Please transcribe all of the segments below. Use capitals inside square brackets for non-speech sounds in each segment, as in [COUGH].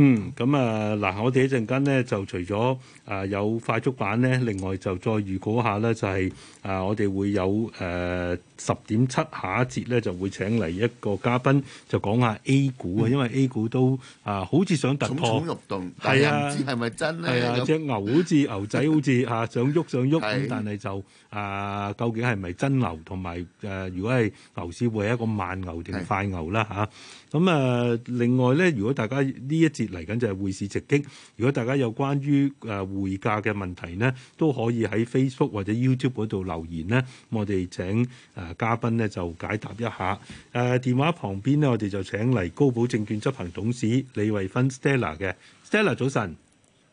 嗯，咁啊嗱，我哋一陣間咧就除咗啊、呃、有快速版咧，另外就再預估下咧，就係、是、啊、呃、我哋會有誒十點七下一節咧，就會請嚟一個嘉賓，就講下 A 股啊，因為 A 股都啊、呃、好似想突破，蠢蠢欲動，係啊，唔知係咪真啊，隻牛好似牛仔好似嚇 [LAUGHS] 想喐想喐，但係就 [LAUGHS] [LAUGHS] 但啊究竟係咪真牛？同埋誒如果係牛市會係一個慢牛定快牛啦嚇？咁啊，另外咧，如果大家呢一節嚟緊就係匯市直擊，如果大家有關於誒匯價嘅問題咧，都可以喺 Facebook 或者 YouTube 度留言咧，我哋請誒嘉賓咧就解答一下。誒電話旁邊咧，我哋就請嚟高寶證券執行董事李慧芬 Stella 嘅 Stella 早晨。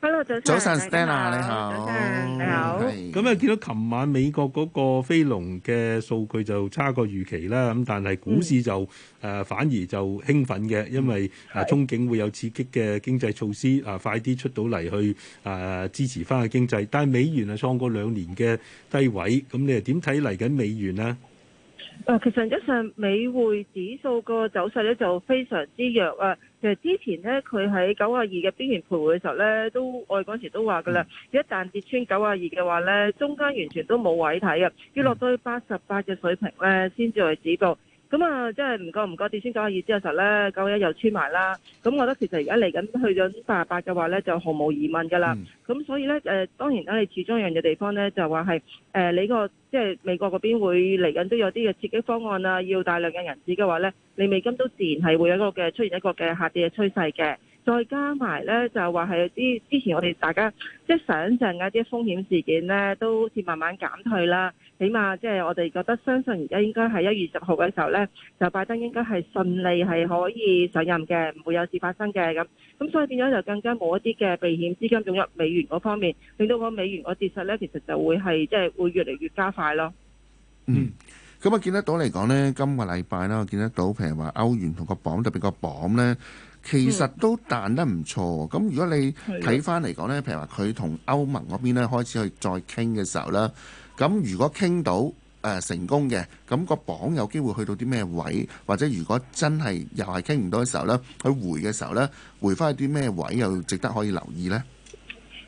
Hello, 早晨。上 Stella 你好，上你好，咁啊，見是到琴晚美國嗰個非農嘅數據就差過預期啦，咁但係股市就誒、嗯呃、反而就興奮嘅，因為啊憧憬會有刺激嘅經濟措施啊，快啲出到嚟去啊、呃、支持翻嘅經濟，但係美元啊創過兩年嘅低位，咁你又點睇嚟緊美元咧？誒，其實一上美匯指數個走勢咧就非常之弱啊。其實之前咧，佢喺九啊二嘅邊緣徘徊嘅時候咧，都我嗰時都話㗎喇，一旦跌穿九啊二嘅話咧，中間完全都冇位睇嘅，要落到去八十八嘅水平咧，先至係止步。咁啊，即係唔覺唔覺，跌穿九廿二之後實咧，九廿一又穿埋啦。咁我覺得其實而家嚟緊去咗八廿八嘅話咧，就毫無疑問噶啦。咁所以咧，誒當然啦，你始終一樣嘅地方咧，就話係誒你個即係美國嗰邊會嚟緊都有啲嘅刺激方案啊，要大量嘅銀紙嘅話咧，你美金都自然係會有一個嘅出現一個嘅下跌嘅趨勢嘅。再加埋咧，就話係啲之前我哋大家即係、就是、想象嘅啲風險事件咧，都好似慢慢減退啦。起碼即係我哋覺得相信而家應該係一月十號嘅時候咧，就拜登應該係順利係可以上任嘅，唔會有事發生嘅咁。咁所以變咗就更加冇一啲嘅避險資金湧入美元嗰方面，令到個美元個跌勢咧，其實就會係即係會越嚟越加快咯。嗯。咁啊，見得到嚟講呢，今個禮拜啦，我見得到，譬如話歐元同個鎊，特別個鎊呢，其實都彈得唔錯。咁如果你睇返嚟講呢，譬如話佢同歐盟嗰邊呢，開始去再傾嘅時候呢，咁如果傾到誒成功嘅，咁個鎊有機會去到啲咩位，或者如果真係又係傾唔到嘅時候呢，佢回嘅時候呢，回返去啲咩位又值得可以留意呢？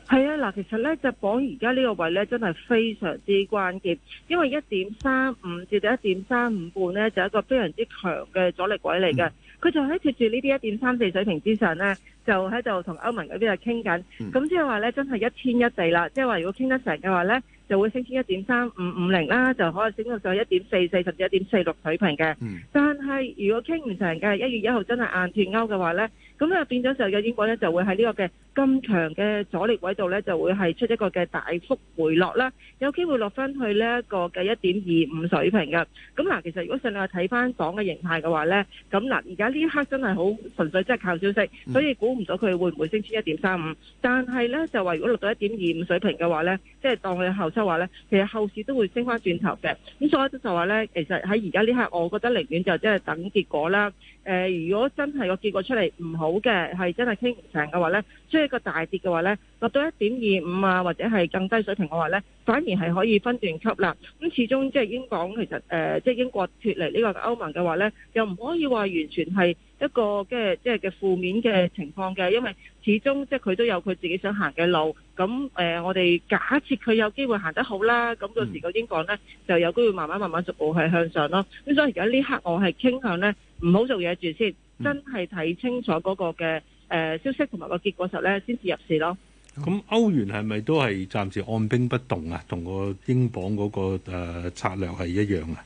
係啊，嗱，其實咧隻磅而家呢個位咧，真係非常之關鍵，因為一點三五至到一點三五半咧，就係一個非常之強嘅阻力位嚟嘅，佢就喺貼住呢啲一點三四水平之上咧。就喺度同歐盟嗰邊係傾緊，咁、嗯、即係話咧，真係一天一地啦。即係話如果傾得成嘅話咧，就會升穿一點三五五零啦，就可以升到去一點四四甚至一點四六水平嘅。嗯、但係如果傾唔成嘅，一月一號真係硬脱歐嘅話咧，咁就變咗就有英國咧就會喺呢個嘅咁強嘅阻力位度咧就會係出一個嘅大幅回落啦，有機會落翻去呢一個嘅一點二五水平嘅。咁嗱，其實如果上落睇翻檔嘅形態嘅話咧，咁嗱而家呢一刻真係好純粹真係靠消息，所以股唔到佢會唔會升至一點三五？但係呢就話，如果落到一點二五水平嘅話呢，即係當佢後收話呢，其實後市都會升翻轉頭嘅。咁所以就話呢，其實喺而家呢刻，我覺得寧願就即係等結果啦。誒， [MUSIC] 如果真係個結果出嚟唔好嘅，係真係傾唔成嘅話呢。即係個大跌嘅話呢落到一點二五啊，或者係更低水平嘅話呢反而係可以分段級啦。咁始終即係英國其實誒，即、呃、係、就是、英國脫離呢個歐盟嘅話呢又唔可以話完全係一個嘅即係嘅負面嘅情況嘅，因為始終即係佢都有佢自己想行嘅路。咁誒、呃，我哋假設佢有機會行得好啦，咁到時個英國呢就有機會慢慢慢慢逐步係向上咯。咁所以而家呢刻我係傾向呢唔好做嘢住先，真係睇清楚嗰個嘅。誒消息同埋個結果時候咧，先至入市咯。咁、嗯嗯、歐元係咪都係暫時按兵不動啊？同個英鎊嗰、嗰個、呃、策略係一樣啊？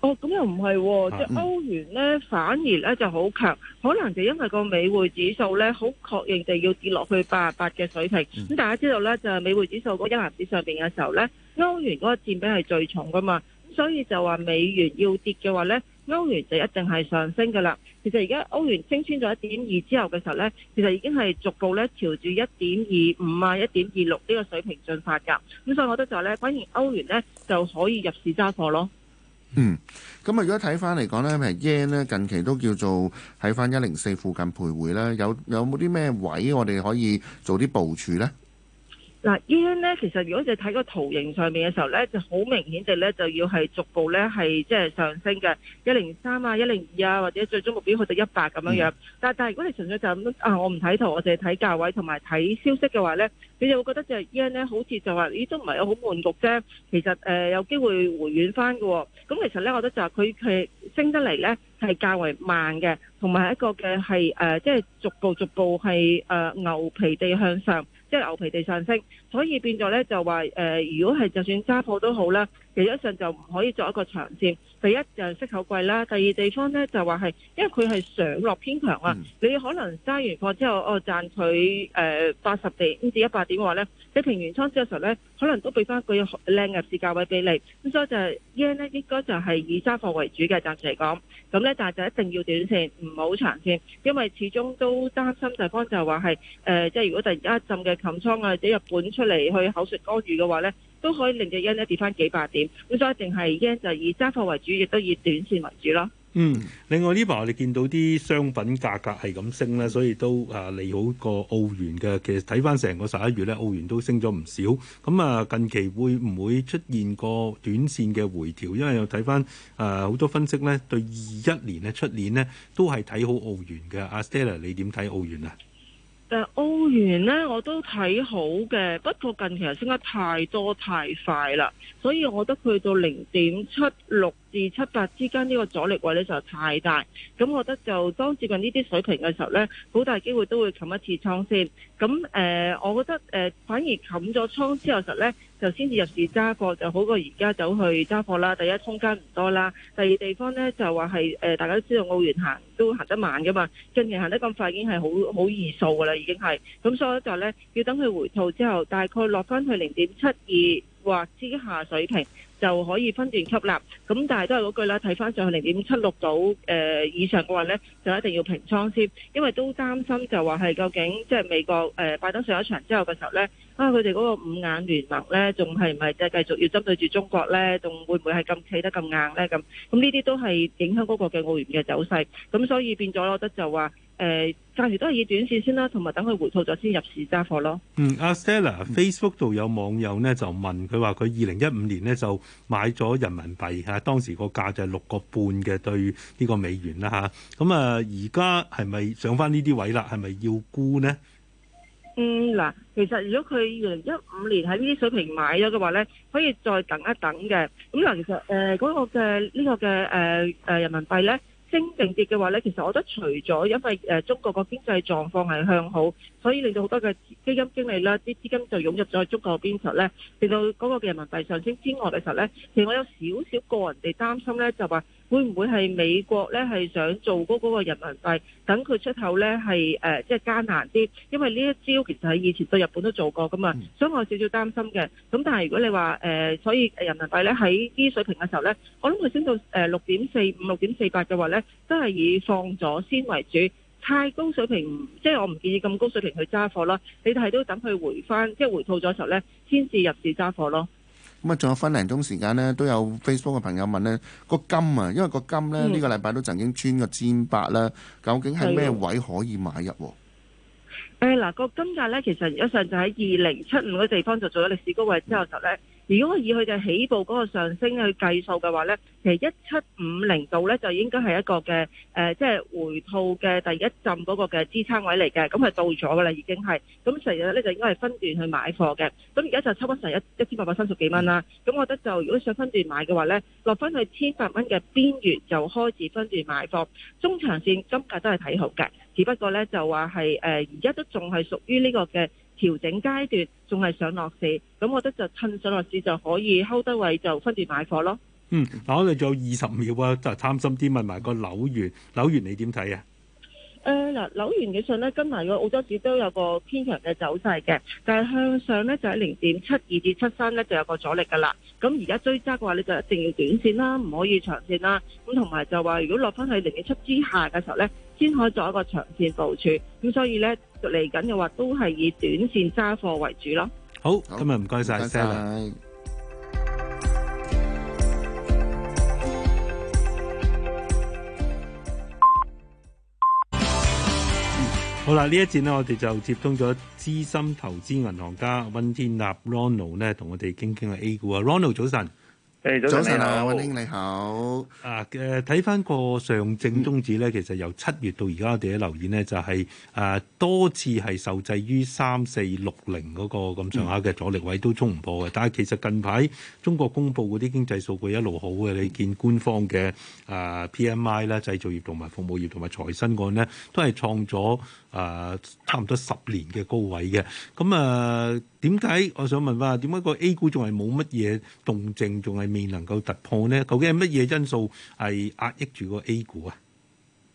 哦，咁又唔係，啊嗯、即係歐元咧，反而咧就好強。可能就因為個美匯指數咧，好確認地要跌落去八十八嘅水平。咁、嗯、大家知道咧，就係、是、美匯指數嗰一籃子上邊嘅時候咧，歐元嗰個佔比係最重㗎嘛。咁所以就話美元要跌嘅話咧。歐元就一定係上升噶啦，其實而家歐元升穿咗一點二之後嘅時候咧，其實已經係逐步咧朝住一點二五啊、一點二六呢個水平進發噶，咁所以我覺得就係咧，反而歐元咧就可以入市揸貨咯。嗯，咁啊，如果睇翻嚟講咧，譬如 yen 咧，近期都叫做喺翻一零四附近徘徊啦，有有冇啲咩位我哋可以做啲部署咧？嗱，yen 咧，嗯、其實如果你睇個圖形上面嘅時候咧，就好明顯地咧就要係逐步咧係即係上升嘅一零三啊、一零二啊，或者最終目標去到一百咁樣樣。嗯、但係但係如果你純粹就咁、是、啊，我唔睇圖，我淨係睇價位同埋睇消息嘅話咧，你就會覺得就 yen 咧好似就話咦都唔係好悶局啫。其實誒、呃、有機會回軟翻㗎、哦。咁其實咧，我覺得就係佢佢升得嚟咧係較為慢嘅，同埋一個嘅係誒即係逐步逐步係誒、呃、牛皮地向上。即係牛皮地上升，所以變咗咧就話誒、呃，如果係就算揸鋪都好咧，其實一上就唔可以作一個長線。第一就息口貴啦，第二地方咧就話係，因為佢係上落偏強啊，嗯、你可能揸完貨之後，哦賺佢誒八十釐甚至一百點話咧，你平完倉之候咧，可能都俾翻佢個靚入市價位俾你，咁所以就係 y e a 咧應該就係以揸貨為主嘅暫時嚟講，咁咧但係就一定要短線，唔好長線，因為始終都擔心就方就係話係即係如果突然間浸嘅冚倉啊，或者日本出嚟去口説乾預嘅話咧。都可以令隻日圓跌翻幾百點，咁所以定係日圓就以揸貨為主，亦都以短線為主咯。嗯，另外呢排我哋見到啲商品價格係咁升咧，所以都誒利好過澳元嘅。其實睇翻成個十一月咧，澳元都升咗唔少。咁啊，近期會唔會出現過短線嘅回調？因為又睇翻誒好多分析咧，對二一年呢出年呢，都係睇好澳元嘅。阿 Stella，你點睇澳元啊？誒歐元咧，我都睇好嘅，不過近期升得太多太快啦，所以我覺得去到零點七六至七八之間呢個阻力位咧就太大，咁我覺得就當接近呢啲水平嘅時候呢，好大機會都會冚一次倉先。咁誒、呃，我覺得誒、呃、反而冚咗倉之後時候呢，就先至入市揸貨就好過而家走去揸貨啦。第一空間唔多啦，第二地方呢，就話係誒大家都知道澳元行都行得慢噶嘛，近期行得咁快已經係好好易數噶啦，已經係。咁所以就呢要等佢回吐之後，大概落翻去零點七二或之下水平，就可以分段吸納，咁但係都係嗰句啦，睇翻上去零點七六到誒以上嘅話呢，就一定要平倉先，因為都擔心就話係究竟即係美國誒、呃、拜登上咗場之後嘅時候咧，啊佢哋嗰個五眼聯盟呢，仲係唔係即係繼繼續要針對住中國呢，仲會唔會係咁企得咁硬呢？咁咁呢啲都係影響嗰個嘅澳元嘅走勢，咁、嗯、所以變咗我覺得就話。誒，暫時都係以短線先啦，同埋等佢回吐咗先入市揸貨咯。嗯，阿 Stella，Facebook 度有網友呢，就問佢話佢二零一五年呢，就買咗人民幣吓，當時個價就係六個半嘅對呢個美元啦吓。咁啊，而家係咪上翻呢啲位啦？係咪要沽呢？嗯，嗱，其實如果佢二零一五年喺呢啲水平買咗嘅話呢，可以再等一等嘅。咁、嗯、其實誒，嗰、呃這個嘅呢個嘅誒誒，人民幣呢，升定跌嘅話咧，其實我覺得除咗因為誒中國個經濟狀況係向好，所以令到好多嘅基金經理啦，啲資金就湧入咗去中國邊頭咧，令到嗰個人民幣上升之外嘅時候咧，其實我有少少個人哋擔心咧，就話。會唔會係美國咧係想做高嗰個人民幣，等佢出口咧係誒即係艱難啲？因為呢一招其實喺以前對日本都做過噶嘛，所以我有少少擔心嘅。咁但係如果你話誒、呃，所以人民幣咧喺呢水平嘅時候咧，我諗佢升到誒六點四五六點四八嘅話咧，都係以放咗先為主。太高水平，即係我唔建議咁高水平去揸貨啦。你哋係都等佢回翻，即係回吐咗時候咧，先至入市揸貨咯。咁啊，仲有分零鐘時間呢？都有 Facebook 嘅朋友問呢個金啊，因為個金呢，呢、呢個禮拜都曾經穿過千八啦，究竟係咩位可以買入？誒嗱、嗯，個金價呢，其實而家上就喺二零七五嘅地方就做咗歷史高位之後就呢。如果以佢嘅起步嗰個上升去計數嘅話咧，其實一七五零度咧就應該係一個嘅誒，即、呃、係、就是、回吐嘅第一陣嗰個嘅支撐位嚟嘅，咁係到咗噶啦，已經係。咁成日咧就應該係分段去買貨嘅。咁而家就差唔多成一一千八百三十幾蚊啦。咁、嗯、我覺得就如果想分段買嘅話咧，落翻去千八蚊嘅邊緣就開始分段買貨。中長線金價都係睇好嘅，只不過咧就話係誒而家都仲係屬於呢個嘅。調整階段仲係上落市，咁我覺得就趁上落市就可以 hold 得位，就分段買貨咯。嗯，嗱我哋仲有二十秒啊，就貪心啲問埋個樓源。樓源你點睇啊？誒嗱，紐元嘅上咧跟埋個澳洲市都有個偏強嘅走勢嘅，但係向上咧就喺零點七二至七三咧就有個阻力噶啦。咁而家追揸嘅話咧就一定要短線啦，唔可以長線啦。咁同埋就話如果落翻去零點七之下嘅時候咧，先可以作一個長線部署。咁所以咧嚟緊嘅話都係以短線揸貨為主咯。好，今日唔該曬，謝曬。好啦，呢一節呢，我哋就接通咗資深投資銀行家溫天納 Ronald 呢同我哋傾傾啊 A 股啊，Ronald 早晨。早晨啊，阿丁你好。上好啊，誒好，睇翻，啊、個上證綜指咧，嗯、其實由七月到而家我哋嘅留言呢，就係、是、啊多次係受制於三四六零嗰個咁上下嘅阻力位都衝唔破嘅。嗯、但係其實近排中國公布嗰啲經濟數據一路好嘅，你見官方嘅啊 P M I 啦，製造業同埋服務業同埋財新案呢，都係創咗啊差唔多十年嘅高位嘅。咁啊，點解我想問翻，點解個 A 股仲係冇乜嘢動靜？仲係未能夠突破呢？究竟係乜嘢因素係壓抑住個 A 股啊？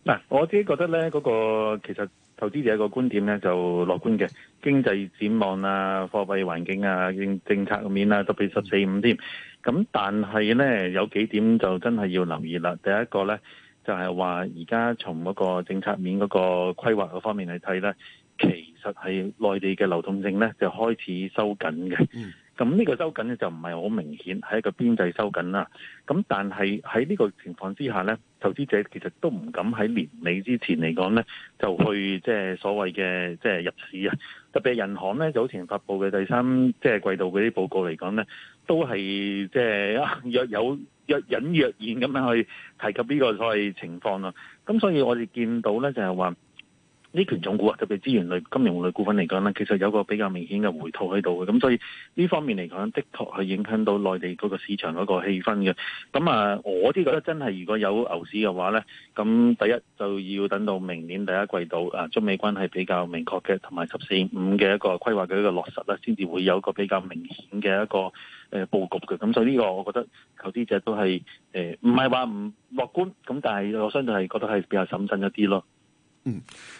嗱，我自己覺得呢嗰、嗰個其實投資者一個觀點呢就樂觀嘅，經濟展望啊、貨幣環境啊、政策啊政策面啊，特別十四五添。咁但係呢，有幾點就真係要留意啦。第一個呢，就係話，而家從嗰個政策面嗰個規劃個方面嚟睇呢，其實係內地嘅流動性呢就開始收緊嘅。嗯咁呢個收緊咧就唔係好明顯，係一個邊際收緊啦。咁但係喺呢個情況之下呢，投資者其實都唔敢喺年尾之前嚟講呢，就去即係所謂嘅即係入市啊。特別係銀行呢，早前發布嘅第三即係、就是、季度嗰啲報告嚟講呢，都係即係若有若隱若現咁樣去提及呢個所謂情況咯。咁所以我哋見到呢，就係話，啲權重股啊，特別資源類、金融類股份嚟講咧，其實有個比較明顯嘅回吐喺度嘅，咁所以呢方面嚟講，的確係影響到內地嗰個市場嗰個氣氛嘅。咁啊，我啲覺得真係如果有牛市嘅話咧，咁第一就要等到明年第一季度啊，中美關係比較明確嘅，同埋十四五嘅一個規劃嘅一個落實啦，先至會有一個比較明顯嘅一個誒、呃、佈局嘅。咁所以呢個我覺得投資者都係誒唔係話唔樂觀，咁但係我相對係覺得係比較審慎一啲咯。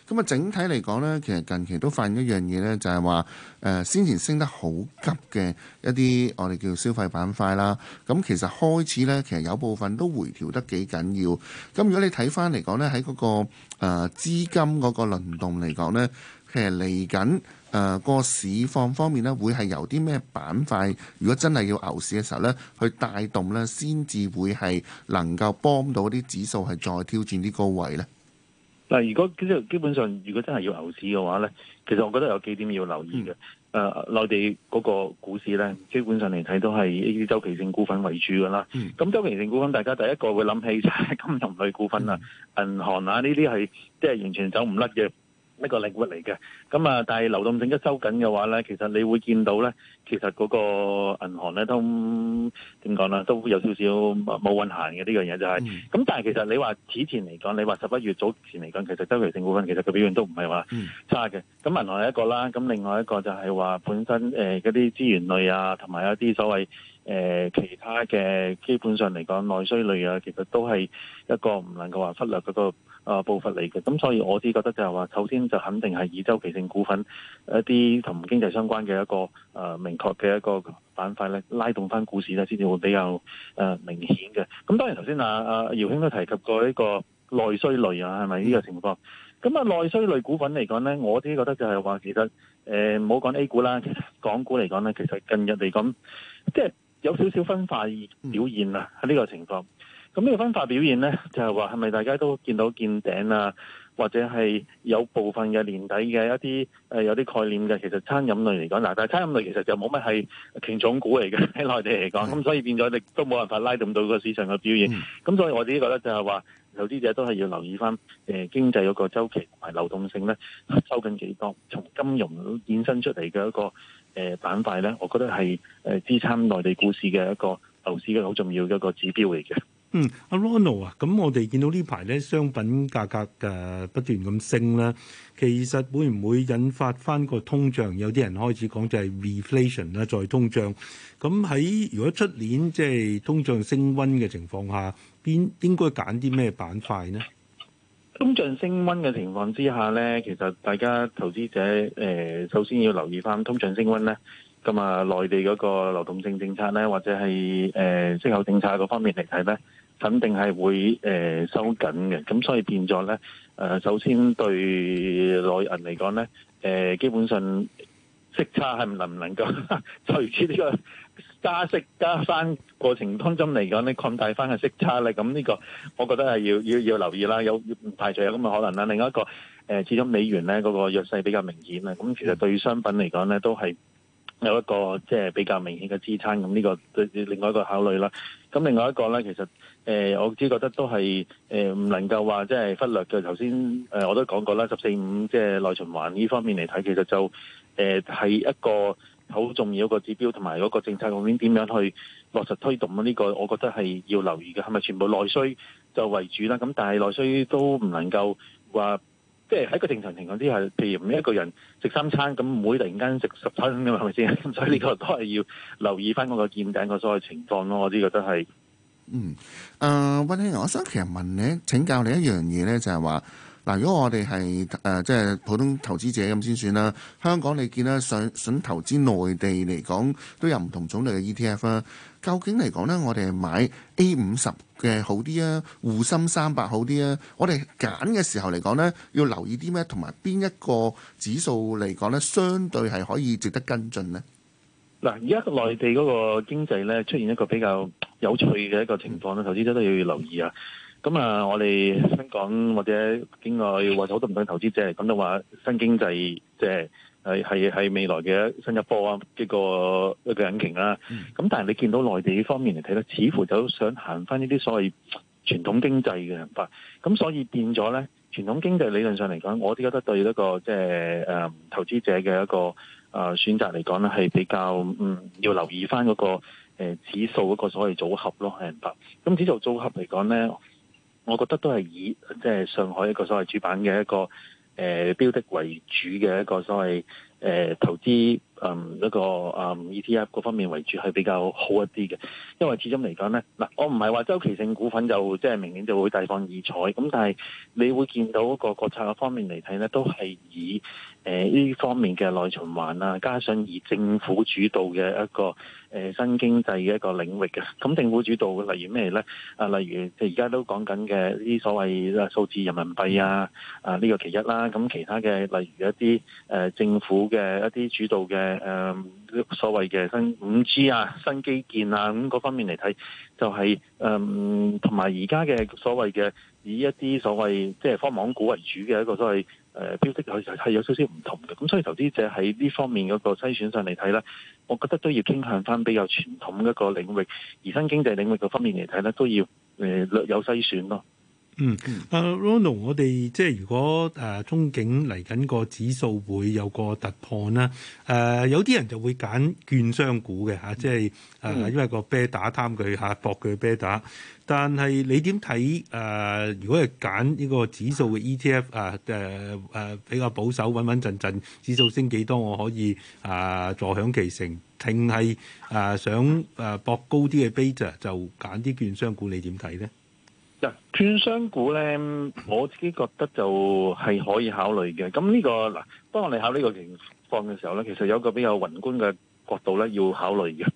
咁啊、嗯，整體嚟講呢，其實近期都發現一樣嘢呢，就係話誒，先前升得好急嘅一啲我哋叫消費板塊啦，咁、啊、其實開始呢，其實有部分都回調得幾緊要。咁、啊、如果你睇返嚟講呢，喺嗰、那個誒、呃、資金嗰個輪動嚟講呢，其實嚟緊誒個市況方面呢，會係由啲咩板塊？如果真係要牛市嘅時候呢，去帶動呢，先至會係能夠幫到啲指數係再挑戰啲高位呢。嗱，如果基基本上，如果真係要牛市嘅話咧，其實我覺得有幾點要留意嘅。誒、嗯，內、呃、地嗰個股市咧，基本上嚟睇都係一啲周期性股份為主噶啦。咁、嗯、周期性股份，大家第一個會諗起就係金融類股份啦、啊、嗯、銀行啊呢啲係即係完全走唔甩嘅，呢個領域嚟嘅，咁、嗯、啊，但係流動性一收緊嘅話咧，其實你會見到咧，其實嗰個銀行咧都點講啦，都有少少冇運行嘅呢樣嘢，這個，就係，是，咁、嗯、但係其實你話此前嚟講，你話十一月早前嚟講，其實周期性股份其實佢表現都唔係話差嘅，咁銀、嗯、行係一個啦，咁另外一個就係話本身誒嗰啲資源類啊，同埋一啲所謂。誒、呃、其他嘅基本上嚟講，內需類啊，其實都係一個唔能夠話忽略嗰個啊、呃、步伐嚟嘅。咁所以我自己覺得就係話，首先就肯定係以周期性股份一啲同經濟相關嘅一個啊、呃、明確嘅一個板塊咧，拉動翻股市咧，先至會比較誒、呃、明顯嘅。咁當然頭先啊啊，姚、啊、兄都提及過一個內需類啊，係咪呢個情況？咁啊，內需類股份嚟講咧，我自己覺得就係話、呃，其實唔好講 A 股啦，港股嚟講咧，其實近日嚟講，即係。即有少少分化表現啊，喺呢個情況。咁呢個分化表現咧，就係話係咪大家都見到見頂啊，或者係有部分嘅年底嘅一啲誒、呃、有啲概念嘅，其實餐飲類嚟講，嗱，但係餐飲類其實就冇乜係權重股嚟嘅，喺內地嚟講，咁 [LAUGHS] 所以變咗你都冇辦法拉動到個市場嘅表現。咁 [LAUGHS] 所以我自己覺得就係話。有啲嘢都係要留意翻，誒經濟嗰個週期同埋流動性咧收緊幾多，從金融衍生出嚟嘅一個誒板塊咧，我覺得係誒支撐內地股市嘅一個牛市嘅好重要一個指標嚟嘅。嗯，阿 Ronald 啊，咁我哋見到呢排咧商品價格誒不斷咁升啦，其實會唔會引發翻個通脹？有啲人開始講就係 reflation 啦，再通脹。咁喺如果出年即係通脹升溫嘅情況下。應應該揀啲咩板塊呢？通脹升溫嘅情況之下咧，其實大家投資者誒，首先要留意翻通脹升溫咧，咁啊，內地嗰個流動性政策咧，或者係誒息口政策嗰方面嚟睇咧，肯定係會誒收緊嘅。咁所以變咗咧，誒，首先對內銀嚟講咧，誒，基本上息差係唔能唔能夠隨住呢個。加息加翻過程當中嚟講咧，擴大翻嘅息差咧，咁呢個我覺得係要要要留意啦。有唔排除有咁嘅可能啦。另外一個誒、呃，始終美元咧嗰、那個弱勢比較明顯啊，咁其實對商品嚟講咧都係有一個即係、就是、比較明顯嘅支撐。咁呢個對另外一個考慮啦。咁另外一個咧，其實誒、呃、我只覺得都係誒唔能夠話即係忽略嘅。頭先誒我都講過啦，十四五即係內循環呢方面嚟睇，其實就誒係、呃、一個。好重要一個指標，同埋嗰個政策方面點樣去落實推動呢、這個，我是是個，個，是是個，個，我覺得係要留意嘅。係咪全部內需就為主啦？咁但係內需都唔能夠話，即係喺個正常情況之下，譬如唔一個人食三餐，咁唔會突然間食十餐嘅，係咪先？所以呢個都係要留意翻嗰個見頂，嗰所謂情況咯。我只覺得係，嗯，誒、呃，溫先生，我想其實問你，請教你一樣嘢咧，就係話。嗱，如果我哋係誒即係普通投資者咁先算啦。香港你見啦，想想投資內地嚟講都有唔同種類嘅 ETF 啦。究竟嚟講咧，我哋買 A 五十嘅好啲啊，滬深三百好啲啊？我哋揀嘅時候嚟講咧，要留意啲咩？同埋邊一個指數嚟講咧，相對係可以值得跟進呢？嗱，而家內地嗰個經濟咧出現一個比較有趣嘅一個情況咧，投資者都要留意啊！.咁啊、嗯！我哋香港或者境外或者好多唔同嘅投資者咁都話新經濟即係係係未來嘅新一波啊，一個一個引擎啦。咁、嗯、但係你見到內地方面嚟睇咧，似乎就想行翻呢啲所謂傳統經濟嘅人法。咁、嗯、所以變咗咧，傳統經濟理論上嚟講，我哋覺得對一個即係誒投資者嘅一個誒、呃、選擇嚟講，咧，係比較嗯要留意翻、那、嗰個、呃、指數嗰個所謂組合咯，係唔得。咁、嗯、指數組合嚟講咧。我覺得都係以即係上海一個所謂主板嘅一個誒、呃、標的為主嘅一個所謂、呃、投資。嗯，一個嗯 ETF 嗰方面為主係比較好一啲嘅，因為始終嚟講咧，嗱我唔係話周期性股份就即係明顯就會大放異彩，咁但係你會見到一個國策嘅方面嚟睇咧，都係以誒呢方面嘅內循環啊，加上以政府主導嘅一個誒新經濟嘅一個領域嘅，咁政府主導例如咩咧？啊，例如即係而家都講緊嘅呢所謂數字人民幣啊，啊呢個其一啦，咁其他嘅例如一啲誒政府嘅一啲主導嘅。誒誒、嗯，所謂嘅新五 G 啊、新基建啊咁、那個、方面嚟睇，就係、是、誒，同埋而家嘅所謂嘅以一啲所謂即係科網股為主嘅一個所謂誒、呃、標的，係有少少唔同嘅。咁所以投資者喺呢方面嗰個篩選上嚟睇咧，我覺得都要傾向翻比較傳統一個領域，而新經濟領域嘅方面嚟睇咧，都要誒、呃、略有篩選咯。嗯，阿、嗯 uh, Ronald，我哋即係如果誒憧憬嚟緊個指數會有個突破啦，誒、啊、有啲人就會揀券商股嘅嚇，即係誒因為個啤打貪佢嚇搏佢啤打，但係你點睇誒？如果係揀呢個指數嘅 ETF 誒、啊、誒誒、啊啊、比較保守穩穩陣陣，指數升幾多我可以啊坐享其成？定係誒想誒搏高啲嘅 beta 就揀啲券商股？你點睇咧？嗱，券商股咧，我自己覺得就係可以考慮嘅。咁呢個嗱，當我哋考呢個情況嘅時候咧，其實有一個比較宏觀嘅角度咧，要考慮嘅。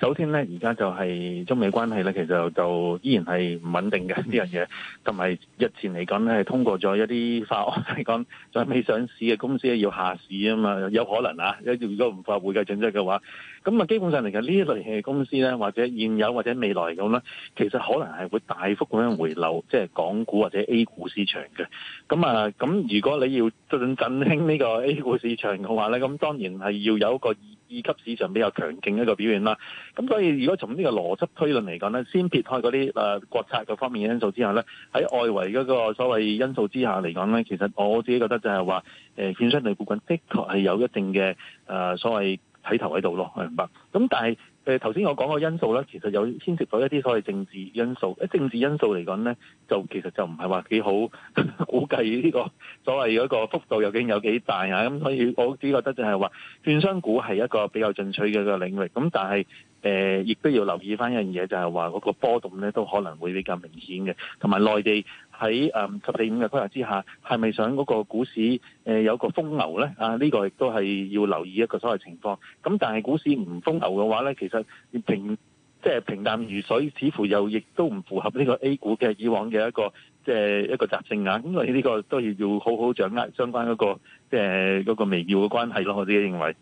首先咧，而家、mm hmm. 就係中美關係咧，其實就依然係唔穩定嘅、mm hmm. 呢樣嘢。同埋日前嚟講咧，係通過咗一啲法案嚟講，就係未上市嘅公司要下市啊嘛，有可能啊。如果唔符合會計準則嘅話，咁啊，基本上嚟講呢一類嘅公司咧，或者現有或者未來咁咧，其實可能係會大幅咁樣回流，即係港股或者 A 股市場嘅。咁啊，咁如果你要盡振興呢個 A 股市場嘅話咧，咁當然係要有一個二級市場比較強勁一個表現啦，咁所以如果從呢個邏輯推論嚟講咧，先撇開嗰啲誒國策嘅方面因素之下咧，喺外圍嗰個所謂因素之下嚟講咧，其實我自己覺得就係話誒券商類股份的確係有一定嘅誒、呃、所謂。睇頭喺度咯，明白。咁但係誒頭先我講個因素咧，其實有牽涉到一啲所謂政治因素。誒政治因素嚟講咧，就其實就唔係話幾好呵呵估計呢個所謂嗰個幅度究竟有幾大啊。咁、嗯、所以我只覺得就係話，券商股係一個比較進取嘅一個領域。咁、嗯、但係。誒，亦都要留意翻一樣嘢，就係話嗰個波動咧，都可能會比較明顯嘅。同埋內地喺誒十四五嘅規劃之下，係咪想嗰個股市誒、呃、有個瘋牛咧？啊、呢、這個亦都係要留意一個所謂情況。咁、嗯、但係股市唔瘋牛嘅話咧，其實平即係、就是、平淡如水，似乎又亦都唔符合呢個 A 股嘅以往嘅一個即係、呃、一個習性啊。咁所以呢個都要要好好掌握相關嗰個即係、呃、個微妙嘅關係咯，我自己認為。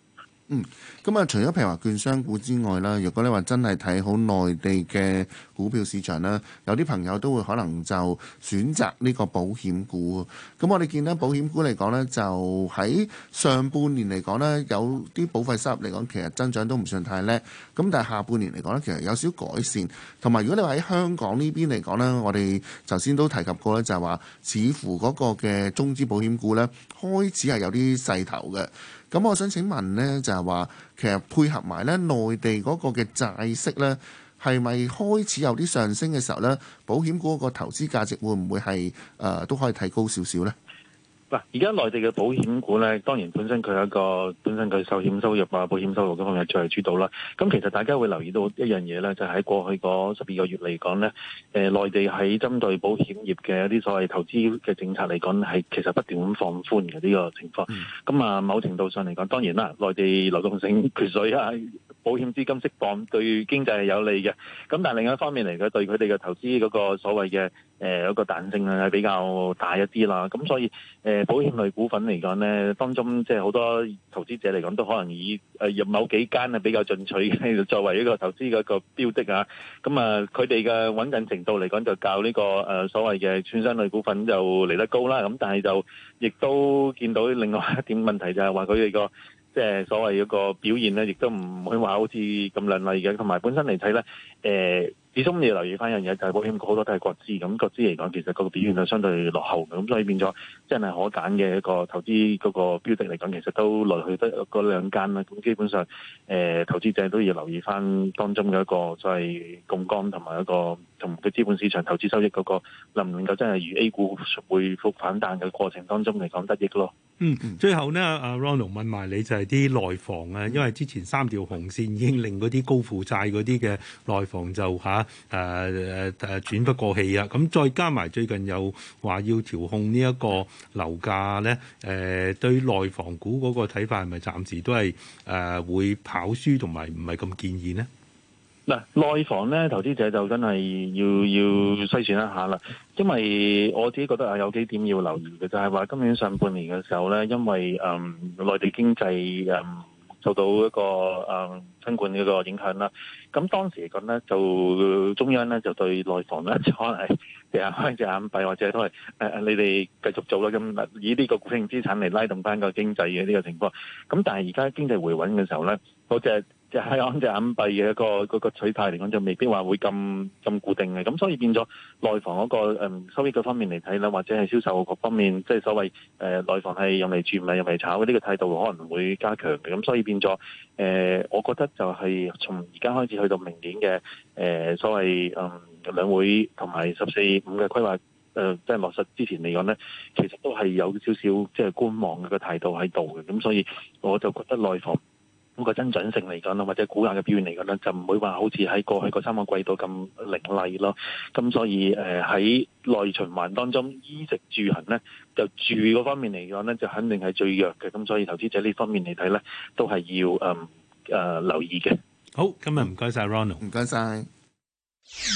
嗯，咁啊，除咗譬如話券商股之外啦，如果你話真係睇好內地嘅股票市場啦，有啲朋友都會可能就選擇呢個保險股。咁我哋見到保險股嚟講呢，就喺上半年嚟講呢，有啲保費收入嚟講，其實增長都唔算太叻。咁但係下半年嚟講呢，其實有少改善。同埋如果你話喺香港呢邊嚟講呢，我哋頭先都提及過呢，就係話似乎嗰個嘅中資保險股呢，開始係有啲勢頭嘅。咁我想請問咧，就係話其實配合埋咧內地嗰個嘅債息咧，係咪開始有啲上升嘅時候咧，保險股嗰個投資價值會唔會係誒都可以提高少少咧？而家內地嘅保險股咧，當然本身佢有一個本身佢壽險收入啊、保險收入嗰方面最為主導啦。咁、嗯、其實大家會留意到一樣嘢咧，就喺、是、過去嗰十二個月嚟講咧，誒、呃、內地喺針對保險業嘅一啲所謂投資嘅政策嚟講，係其實不斷咁放寬嘅呢個情況。咁啊、嗯嗯，某程度上嚟講，當然啦，內地流動性缺水啊，保險資金釋放對經濟係有利嘅。咁但係另一方面嚟講，對佢哋嘅投資嗰個所謂嘅。誒一、呃那個彈性咧比較大一啲啦，咁所以誒、呃、保險類股份嚟講咧，當中即係好多投資者嚟講都可能以、呃、入某幾間係比較進取作為一個投資嘅一個標的啊，咁啊佢哋嘅穩陣程度嚟講就較呢、這個誒、呃、所謂嘅券商類股份就嚟得高啦，咁但係就亦都見到另外一點問題就係話佢哋個即係、就是、所謂嗰個表現咧，亦都唔會話好似咁亮麗嘅，同埋本身嚟睇咧誒。呃始終你要留意翻一樣嘢，就係、是、保險好多都係國資，咁國資嚟講，其實個表現就相對落後。咁所以變咗真係可揀嘅一個投資嗰個標的嚟講，其實都來去得嗰兩間啦。咁基本上，誒、呃、投資者都要留意翻當中嘅一個係槓桿同埋一個。同嘅資本市場投資收益嗰個，能唔能夠真係如 A 股回復反彈嘅過程當中嚟講得益咯？嗯，最後呢，阿 Ronald 問埋你，就係啲內房啊，因為之前三條紅線已經令嗰啲高負債嗰啲嘅內房就嚇誒誒轉不過氣啊！咁再加埋最近又話要調控呢一個樓價呢，誒、呃、對內房股嗰個睇法係咪暫時都係誒、啊、會跑輸同埋唔係咁建議呢？嗱，內房咧，投資者就真係要要篩選一下啦，因為我自己覺得啊，有幾點要留意嘅就係話，今年上半年嘅時候咧，因為嗯、呃、內地經濟嗯、呃、受到一個誒、呃、新冠嗰個影響啦，咁、嗯、當時嚟講咧，就、呃、中央咧就對內房咧可能跌下翻隻眼閉，或者都係誒誒你哋繼續做啦，咁、嗯、以呢個固性資產嚟拉動翻個經濟嘅呢個情況，咁、嗯、但係而家經濟回穩嘅時候咧，嗰隻。就係安隻眼閉嘅一個嗰取態嚟講，就未必話會咁咁固定嘅。咁所以變咗內房嗰、那個、嗯、收益嗰方面嚟睇啦，或者係銷售嗰方面，即係所謂誒、呃、內房係用嚟住唔係用嚟炒呢、這個態度可能會加強嘅。咁所以變咗誒、呃，我覺得就係從而家開始去到明年嘅誒、呃、所謂誒、嗯、兩會同埋十四五嘅規劃，誒、呃、即係落實之前嚟講咧，其實都係有少少即係觀望嘅個態度喺度嘅。咁所以我就覺得內房。咁個增長性嚟講啦，或者股價嘅表現嚟講咧，就唔會話好似喺過去嗰三個季度咁凌厲咯。咁所以誒喺、呃、內循環當中，衣食住行咧，就住嗰方面嚟講咧，就肯定係最弱嘅。咁所以投資者呢方面嚟睇咧，都係要誒誒、嗯呃、留意嘅。好，今日唔該晒 Ronald，唔該晒。謝謝。